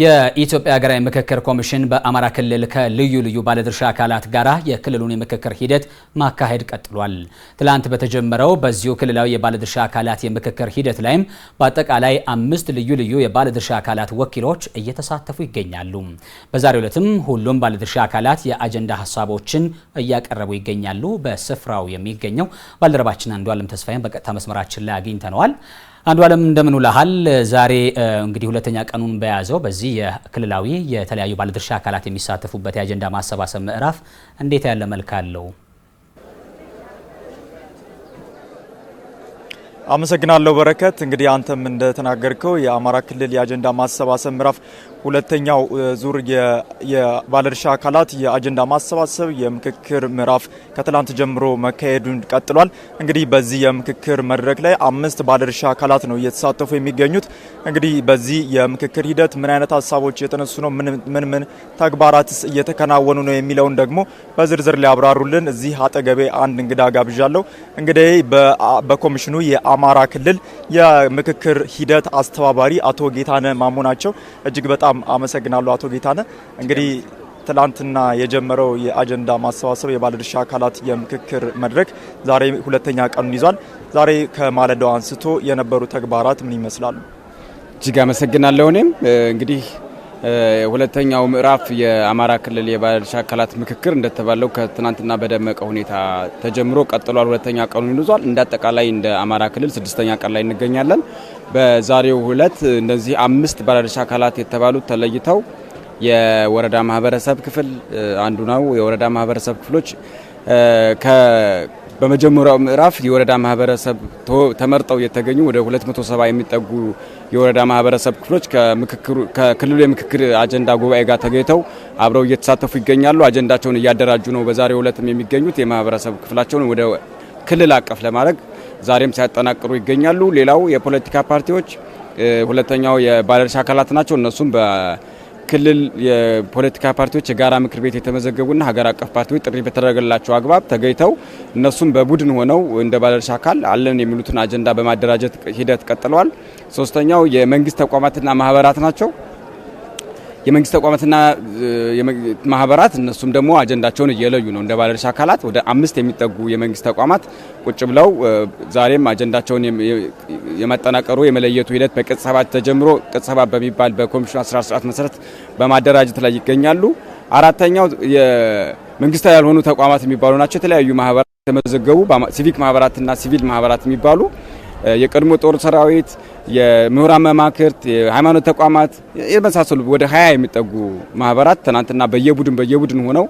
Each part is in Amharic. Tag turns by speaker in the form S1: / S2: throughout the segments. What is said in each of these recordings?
S1: የኢትዮጵያ ሀገራዊ ምክክር ኮሚሽን በአማራ ክልል ከልዩ ልዩ ባለድርሻ አካላት ጋር የክልሉን የምክክር ሂደት ማካሄድ ቀጥሏል። ትላንት በተጀመረው በዚሁ ክልላዊ የባለድርሻ አካላት የምክክር ሂደት ላይም በአጠቃላይ አምስት ልዩ ልዩ የባለድርሻ አካላት ወኪሎች እየተሳተፉ ይገኛሉ። በዛሬው ዕለትም ሁሉም ባለድርሻ አካላት የአጀንዳ ሀሳቦችን እያቀረቡ ይገኛሉ። በስፍራው የሚገኘው ባልደረባችን አንዱ አለም ተስፋዬን በቀጥታ መስመራችን ላይ አግኝተነዋል። አንዱ ዓለም እንደምን ውለሃል? ዛሬ እንግዲህ ሁለተኛ ቀኑን በያዘው በዚህ የክልላዊ የተለያዩ ባለድርሻ አካላት የሚሳተፉበት የአጀንዳ ማሰባሰብ ምዕራፍ እንዴት ያለ መልክ አለው?
S2: አመሰግናለሁ በረከት። እንግዲህ አንተም እንደተናገርከው የአማራ ክልል የአጀንዳ ማሰባሰብ ምዕራፍ ሁለተኛው ዙር የባለድርሻ አካላት የአጀንዳ ማሰባሰብ የምክክር ምዕራፍ ከትላንት ጀምሮ መካሄዱን ቀጥሏል። እንግዲህ በዚህ የምክክር መድረክ ላይ አምስት ባለድርሻ አካላት ነው እየተሳተፉ የሚገኙት። እንግዲህ በዚህ የምክክር ሂደት ምን አይነት ሀሳቦች የተነሱ ነው፣ ምን ምን ተግባራትስ እየተከናወኑ ነው የሚለውን ደግሞ በዝርዝር ሊያብራሩልን እዚህ አጠገቤ አንድ እንግዳ ጋብዣለሁ። እንግዲህ በኮሚሽኑ የአማራ ክልል የምክክር ሂደት አስተባባሪ አቶ ጌታነ ማሞ ናቸው። እጅግ በጣም በጣም አመሰግናለሁ አቶ ጌታነ እንግዲህ ትላንትና የጀመረው የአጀንዳ ማሰባሰብ የባለድርሻ አካላት የምክክር መድረክ ዛሬ ሁለተኛ ቀኑን ይዟል። ዛሬ ከማለዳው አንስቶ የነበሩ ተግባራት ምን ይመስላሉ?
S3: እጅግ አመሰግናለሁ። እኔም እንግዲህ ሁለተኛው ምዕራፍ የአማራ ክልል የባለድርሻ አካላት ምክክር እንደተባለው ከትናንትና በደመቀ ሁኔታ ተጀምሮ ቀጥሏል። ሁለተኛ ቀኑን ይዟል። እንደ አጠቃላይ እንደ አማራ ክልል ስድስተኛ ቀን ላይ እንገኛለን። በዛሬው ሁለት እነዚህ አምስት ባለድርሻ አካላት የተባሉት ተለይተው የወረዳ ማህበረሰብ ክፍል አንዱ ነው። የወረዳ ማህበረሰብ ክፍሎች በመጀመሪያው ምዕራፍ የወረዳ ማህበረሰብ ተመርጠው የተገኙ ወደ 270 የሚጠጉ የወረዳ ማህበረሰብ ክፍሎች ከክልሉ የምክክር አጀንዳ ጉባኤ ጋር ተገኝተው አብረው እየተሳተፉ ይገኛሉ። አጀንዳቸውን እያደራጁ ነው። በዛሬው ዕለትም የሚገኙት የማህበረሰብ ክፍላቸውን ወደ ክልል አቀፍ ለማድረግ ዛሬም ሲያጠናቅሩ ይገኛሉ። ሌላው የፖለቲካ ፓርቲዎች ሁለተኛው የባለድርሻ አካላት ናቸው። እነሱም በክልል የፖለቲካ ፓርቲዎች የጋራ ምክር ቤት የተመዘገቡና ሀገር አቀፍ ፓርቲዎች ጥሪ በተደረገላቸው አግባብ ተገኝተው እነሱም በቡድን ሆነው እንደ ባለድርሻ አካል አለን የሚሉትን አጀንዳ በማደራጀት ሂደት ቀጥለዋል። ሶስተኛው የመንግስት ተቋማትና ማህበራት ናቸው። የመንግስት ተቋማትና ማህበራት እነሱም ደግሞ አጀንዳቸውን እየለዩ ነው። እንደ ባለድርሻ አካላት ወደ አምስት የሚጠጉ የመንግስት ተቋማት ቁጭ ብለው ዛሬም አጀንዳቸውን የማጠናቀሩ የመለየቱ ሂደት በቅጽ ሰባት ተጀምሮ ቅጽ ሰባት በሚባል በኮሚሽኑ አስራ ስርዓት መሰረት በማደራጀት ላይ ይገኛሉ። አራተኛው የመንግስታዊ ያልሆኑ ተቋማት የሚባሉ ናቸው። የተለያዩ ማህበራት የተመዘገቡ ሲቪክ ማህበራትና ሲቪል ማህበራት የሚባሉ የቀድሞ ጦር ሰራዊት የምሁራን መማክርት፣ የሃይማኖት ተቋማት የመሳሰሉ ወደ ሀያ የሚጠጉ ማህበራት ትናንትና በየቡድን በየቡድን ሆነው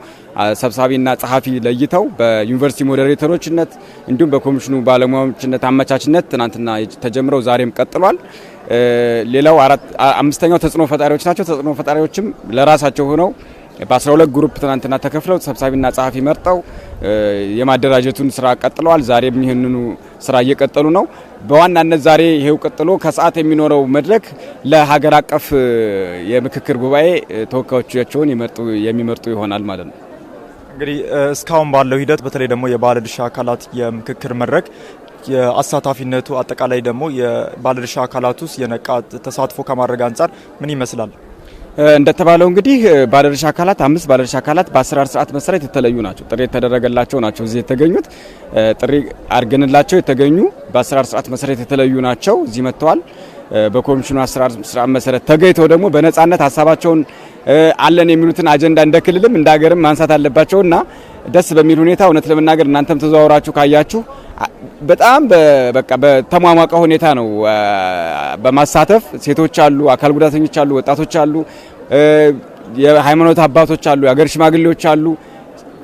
S3: ሰብሳቢና ጸሐፊ ለይተው በዩኒቨርሲቲ ሞዴሬተሮችነት እንዲሁም በኮሚሽኑ ባለሙያዎችነት አመቻችነት ትናንትና ተጀምረው ዛሬም ቀጥሏል። ሌላው አምስተኛው ተጽዕኖ ፈጣሪዎች ናቸው። ተጽዕኖ ፈጣሪዎችም ለራሳቸው ሆነው በ12 ግሩፕ ትናንትና ተከፍለው ሰብሳቢና ጸሐፊ መርጠው የማደራጀቱን ስራ ቀጥለዋል። ዛሬም ይህንኑ ስራ እየቀጠሉ ነው። በዋናነት ዛሬ ይሄው ቀጥሎ ከሰዓት የሚኖረው መድረክ ለሀገር አቀፍ የምክክር ጉባኤ ተወካዮቻቸውን የሚመርጡ ይሆናል ማለት ነው።
S2: እንግዲህ እስካሁን ባለው ሂደት በተለይ ደግሞ የባለድርሻ አካላት የምክክር መድረክ የአሳታፊነቱ አጠቃላይ ደግሞ የባለድርሻ አካላት ውስጥ የነቃ ተሳትፎ ከማድረግ አንጻር ምን ይመስላል?
S3: እንደተባለው እንግዲህ ባለድርሻ አካላት አምስት ባለድርሻ አካላት በአሰራር ስርዓት መሰረት የተለዩ ናቸው። ጥሪ የተደረገላቸው ናቸው እዚህ የተገኙት ጥሪ አድርገንላቸው የተገኙ በአሰራር ስርዓት መሰረት የተለዩ ናቸው። እዚህ መጥተዋል። በኮሚሽኑ አሰራር ስርዓት መሰረት ተገኝተው ደግሞ በነጻነት ሀሳባቸውን አለን የሚሉትን አጀንዳ እንደ ክልልም እንደ ሀገርም ማንሳት አለባቸውና ደስ በሚል ሁኔታ እውነት ለመናገር እናንተም ተዘዋውራችሁ ካያችሁ በጣም በቃ በተሟሟቀ ሁኔታ ነው በማሳተፍ ሴቶች አሉ፣ አካል ጉዳተኞች አሉ፣ ወጣቶች አሉ፣ የሃይማኖት አባቶች አሉ፣ የሀገር ሽማግሌዎች አሉ።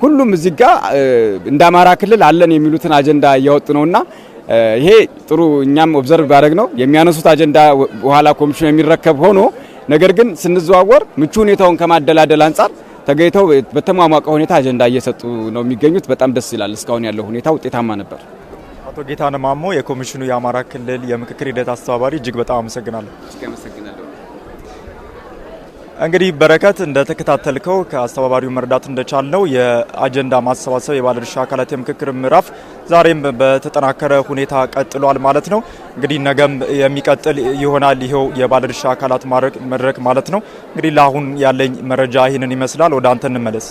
S3: ሁሉም እዚህ ጋር እንደ አማራ ክልል አለን የሚሉትን አጀንዳ እያወጡ ነውና ይሄ ጥሩ እኛም ኦብዘርቭ ባደረግ ነው የሚያነሱት አጀንዳ በኋላ ኮሚሽኑ የሚረከብ ሆኖ ነገር ግን ስንዘዋወር ምቹ ሁኔታውን ከማደላደል አንጻር ተገኝተው በተሟሟቀ ሁኔታ አጀንዳ እየሰጡ ነው የሚገኙት። በጣም ደስ ይላል። እስካሁን ያለው ሁኔታ ውጤታማ ነበር።
S2: አቶ ጌታነህ ማሞ የኮሚሽኑ የአማራ ክልል የምክክር ሂደት አስተባባሪ፣ እጅግ በጣም አመሰግናለሁ። እንግዲህ በረከት እንደተከታተልከው ከአስተባባሪው መረዳት እንደቻልነው የአጀንዳ ማሰባሰብ የባለድርሻ አካላት የምክክር ምዕራፍ ዛሬም በተጠናከረ ሁኔታ ቀጥሏል ማለት ነው። እንግዲህ ነገም የሚቀጥል ይሆናል ይኸው የባለድርሻ አካላት መድረክ ማለት ነው። እንግዲህ ለአሁን ያለኝ መረጃ ይህንን ይመስላል። ወደ አንተ እንመለስ።